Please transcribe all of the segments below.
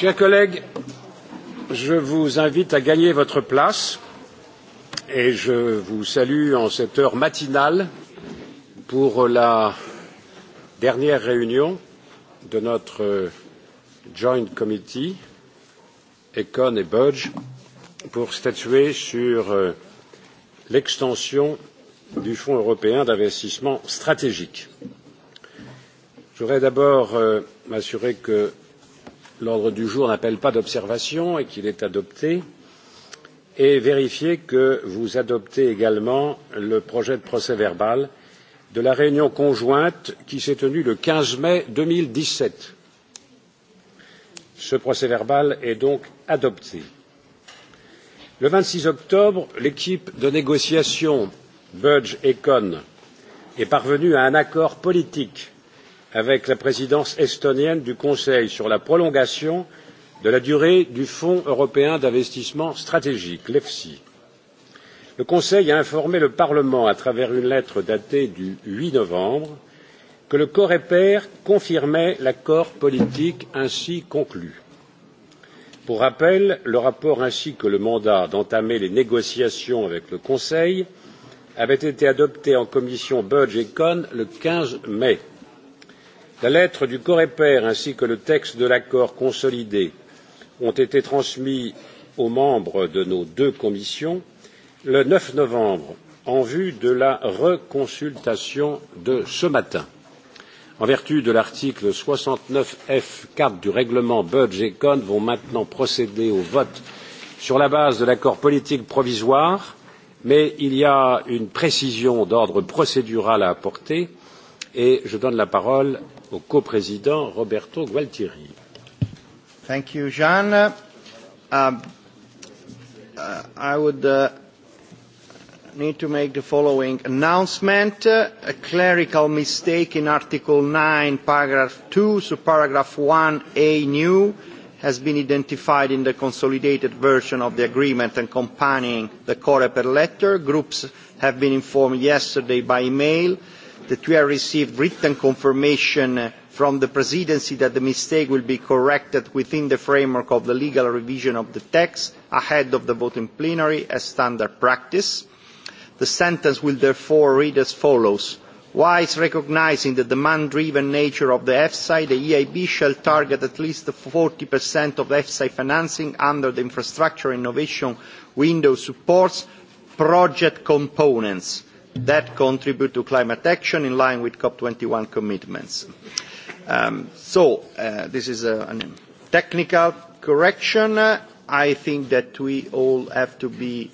Chers collègues, je vous invite à gagner votre place et je vous salue en cette heure matinale pour la dernière réunion de notre joint committee Econ et Budge pour statuer sur euh, l'extension du Fonds européen d'investissement stratégique. Je voudrais d'abord euh, m'assurer que l'ordre du jour n'appelle pas d'observation et qu'il est adopté et vérifier que vous adoptez également le projet de procès verbal de la réunion conjointe qui s'est tenue le quinze mai deux mille dix sept ce procès verbal est donc adopté. le vingt six octobre l'équipe de négociation budg econ est parvenue à un accord politique avec la présidence estonienne du conseil sur la prolongation de la durée du fonds européen d'investissement stratégique l'efsi. le conseil a informé le parlement à travers une lettre datée du huit novembre que le coreper confirmait l'accord politique ainsi conclu. pour rappel le rapport ainsi que le mandat d'entamer les négociations avec le conseil avaient été adoptés en commission budg econ le quinze mai la lettre du coreper ainsi que le texte de l'accord consolidé ont été transmis aux membres de nos deux commissions le neuf novembre en vue de la reconsultation de ce matin. en vertu de l'article soixante neuf paragraphe quatre du règlement budget econ vont maintenant procéder au vote sur la base de l'accord politique provisoire mais il y a une précision d'ordre procédural à apporter et je donne la parole au coprésident Roberto Gualtieri. Thank you, Jean. Uh, uh, I would uh, need to make the following announcement. a clerical mistake in Article 9, paragraph 2, so paragraph 1a new has been identified in the consolidated version of the agreement and accompanying the Coreper letter. Groups have been informed yesterday by email that we have received written confirmation uh, from the presidency that the mistake will be corrected within the framework of the legal revision of the text ahead of the vote in plenary as standard practice. the sentence will therefore read as follows whilst recognising the demand driven nature of the efsi the eib shall target at least forty of efsi financing under the infrastructure innovation window supports project components that contribute to climate action in line with cop twenty one commitments. Um, so, uh, this is a, technical correction. I think that we all have to be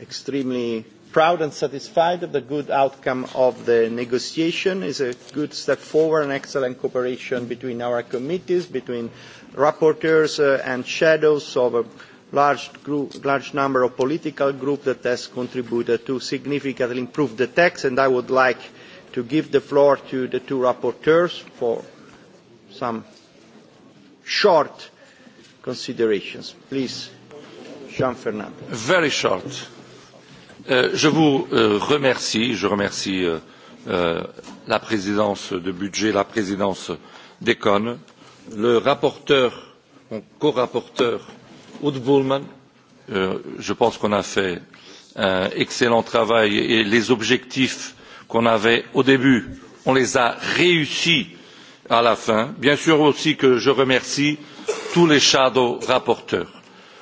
extremely proud and satisfied of the good outcome of the negotiation. is a good step forward and excellent cooperation between our committees, between rapporteurs uh, and shadows of large, large number of political groups that has contributed to significantly improve the text, and I would like to give the floor to the two rapporteurs for some short considerations. Please, Jean Fernand. Very short. Uh, je vous uh, remercie, je remercie uh, la présidence de budget, la présidence d'Econ, le rapporteur, mon co-rapporteur Oud Bullman. Euh, je pense qu'on a fait un excellent travail et les objectifs qu'on avait au début, on les a réussis à la fin. Bien sûr aussi que je remercie tous les shadow rapporteurs.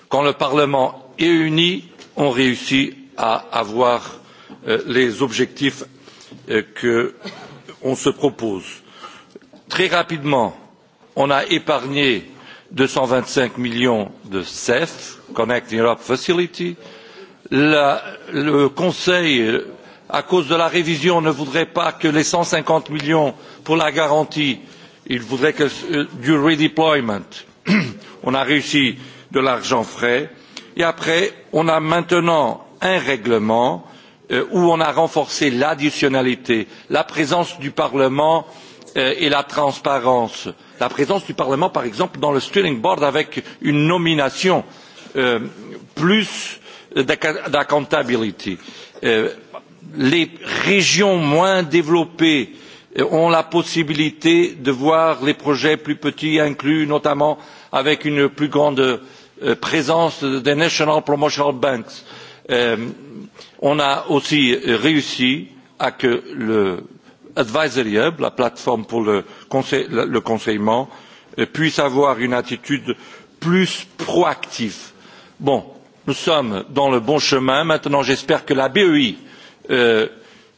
Quand le Parlement est uni, on réussit à avoir euh, les objectifs euh, que qu'on se propose. Très rapidement, on a épargné deux cent vingt cinq millions de cef connecting europe facility le conseil à cause de la révision ne voudrait pas que les cent cinquante millions pour la garantie il voudrait que euh, du redeployment on a réussi de l'argent frais et après on a maintenant un règlement euh, où on a renforcé l'additionnalité la présence du parlement euh, et la transparence la présence du parlement par exemple dans le steering board avec une nomination euh, plus d'accountability. Euh, les régions moins développées euh, ont la possibilité de voir les projets plus petits inclus notamment avec une plus grande présence des national promotional banks. on a aussi réussi à que le advisory hub la plateforme pour le, conseillement euh, puisse avoir une attitude plus proactive. bon nous sommes dans le bon chemin maintenant j'espère que la bei euh,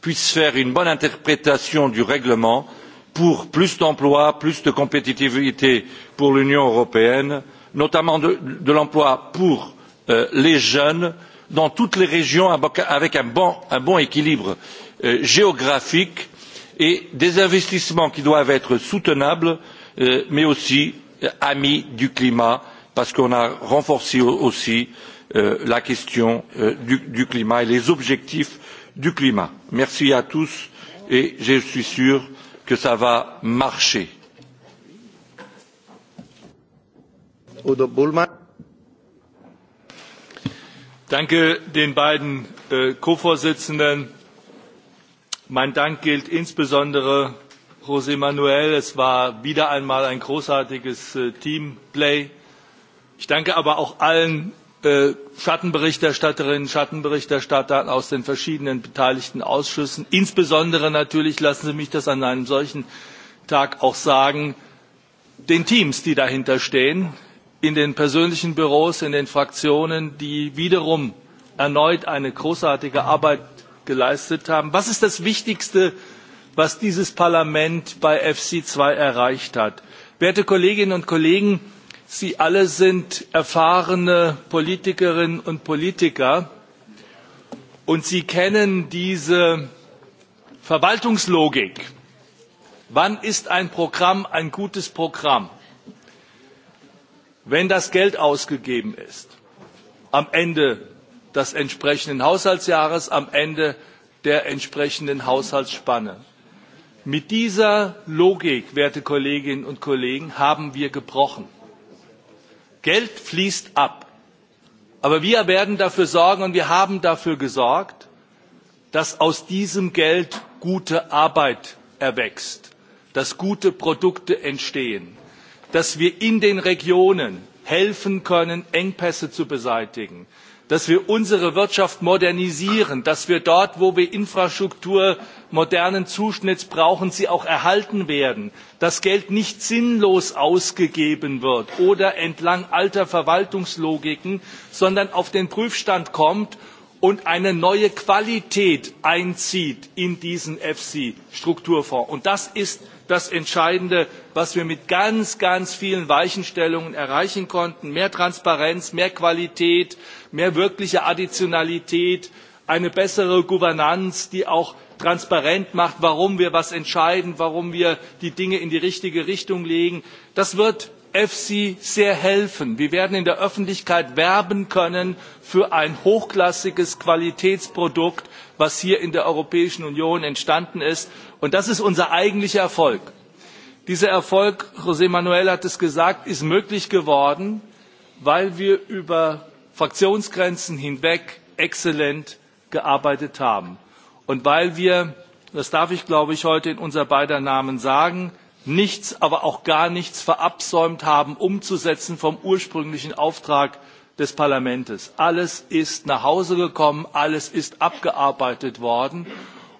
puisse faire une bonne interprétation du règlement pour plus d'emplois plus de compétitivité pour l'union européenne notamment de, l'emploi pour euh, les jeunes dans toutes les régions avec un bon, équilibre géographique et des investissements qui doivent être soutenables euh, mais aussi euh, amis du climat parce qu'on a renforcé aussi euh, la question du, climat et les objectifs du climat. merci à tous et je suis sûr que cela va marcher. beiden äh, mein dank gilt insbesondere jos manuel es war wieder einmal ein großartiges äh, teamplay. ich danke aber auch allen äh, schattenberichterstatterinnen und schattenberichterstattern aus den verschiedenen beteiligten ausschüssen insbesondere natürlich lassen sie mich das an einem solchen tag auch sagen den teams die dahinter stehen in den persönlichen büros in den fraktionen die wiederum erneut eine großartige arbeit geleistet haben. Was ist das Wichtigste, was dieses Parlament bei FC2 erreicht hat? Werte Kolleginnen und Kollegen, Sie alle sind erfahrene Politikerinnen und Politiker und Sie kennen diese Verwaltungslogik. Wann ist ein Programm ein gutes Programm? Wenn das Geld ausgegeben ist am Ende des entsprechenden haushaltsjahres am ende der entsprechenden haushaltsspanne. mit dieser logik werte kolleginnen und kollegen haben wir gebrochen. geld fließt ab aber wir werden dafür sorgen und wir haben dafür gesorgt dass aus diesem geld gute arbeit erwächst dass gute produkte entstehen dass wir in den regionen helfen können engpässe zu beseitigen dass wir unsere wirtschaft modernisieren dass wir dort wo wir infrastruktur modernen zuschnitts brauchen sie auch erhalten werden dass geld nicht sinnlos ausgegeben wird oder entlang alter verwaltungslogiken sondern auf den prüfstand kommt und eine neue qualität einzieht in diesen efsi strukturfonds. und das ist das entscheidende was wir mit ganz ganz vielen weichenstellungen erreichen konnten mehr transparenz mehr qualität mehr wirkliche additionalität eine bessere governance die auch transparent macht warum wir was entscheiden warum wir die dinge in die richtige richtung legen das wird efsi sehr helfen. wir werden in der öffentlichkeit werben können für ein hochklassiges qualitätsprodukt das hier in der europäischen union entstanden ist und das ist unser eigentlicher erfolg. dieser erfolg jos manuel hat es gesagt ist möglich geworden weil wir über fraktionsgrenzen hinweg exzellent gearbeitet haben und weil wir das darf ich glaube ich heute in unser beider namen sagen nichts aber auch gar nichts verabsäumt haben umzusetzen vom ursprünglichen auftrag des parlaments. alles ist nach hause gekommen alles ist abgearbeitet worden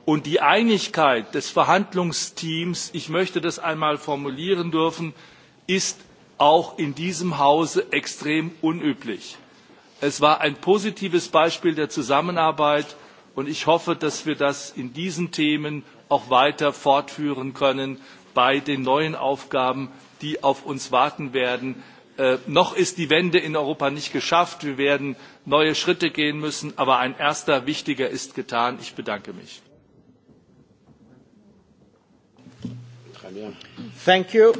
und die einigkeit des verhandlungsteams ich möchte das einmal formulieren dürfen ist auch in diesem hause extrem unüblich. es war ein positives beispiel der zusammenarbeit und ich hoffe dass wir das in diesen themen auch weiter fortführen können bei den neuen Aufgaben, die auf uns warten werden. Äh, noch ist die Wende in Europa nicht geschafft. Wir werden neue Schritte gehen müssen, aber ein erster wichtiger ist getan. Ich bedanke mich. Thank you.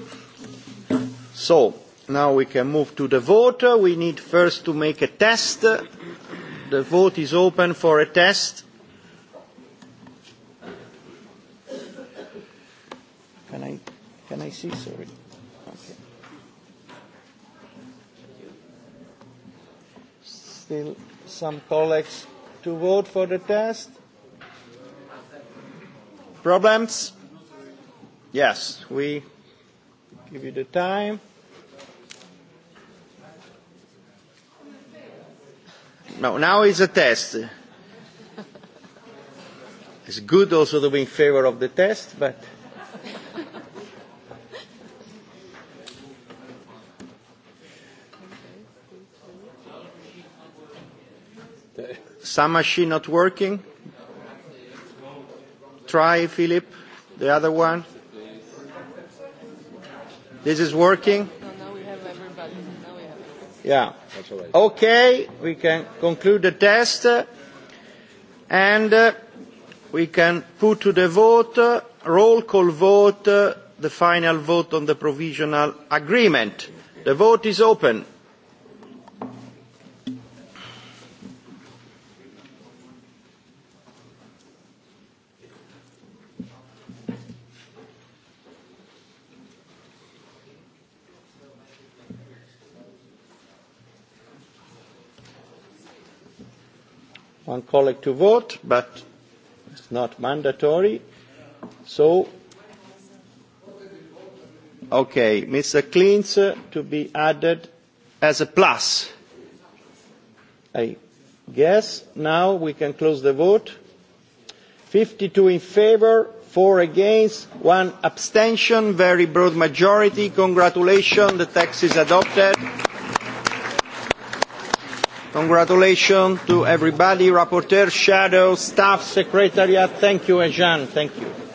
So, now we can move to the We need first to make a test. The vote is open for a test. Can I see? Sorry. Still some colleagues to vote for the test. Problems? Yes, we give you the time. No, now is a test. It's good also to be in favor of the test, but Some machine not working? Try, Philip, the other one. This is working? Yeah. Okay, we can conclude the test and uh, we can put to the vote, uh, roll call vote, uh, the final vote on the provisional agreement. The vote is open. one colleague to vote, but it's not mandatory. So, okay, Mr. Klintz uh, to be added as a plus. I guess now we can close the vote. 52 in favor, four against, one abstention, very broad majority. Congratulations, the text is adopted. Congratulations to everybody, rapporteur, shadow, staff, secretariat. Thank you, Ejan. Thank you.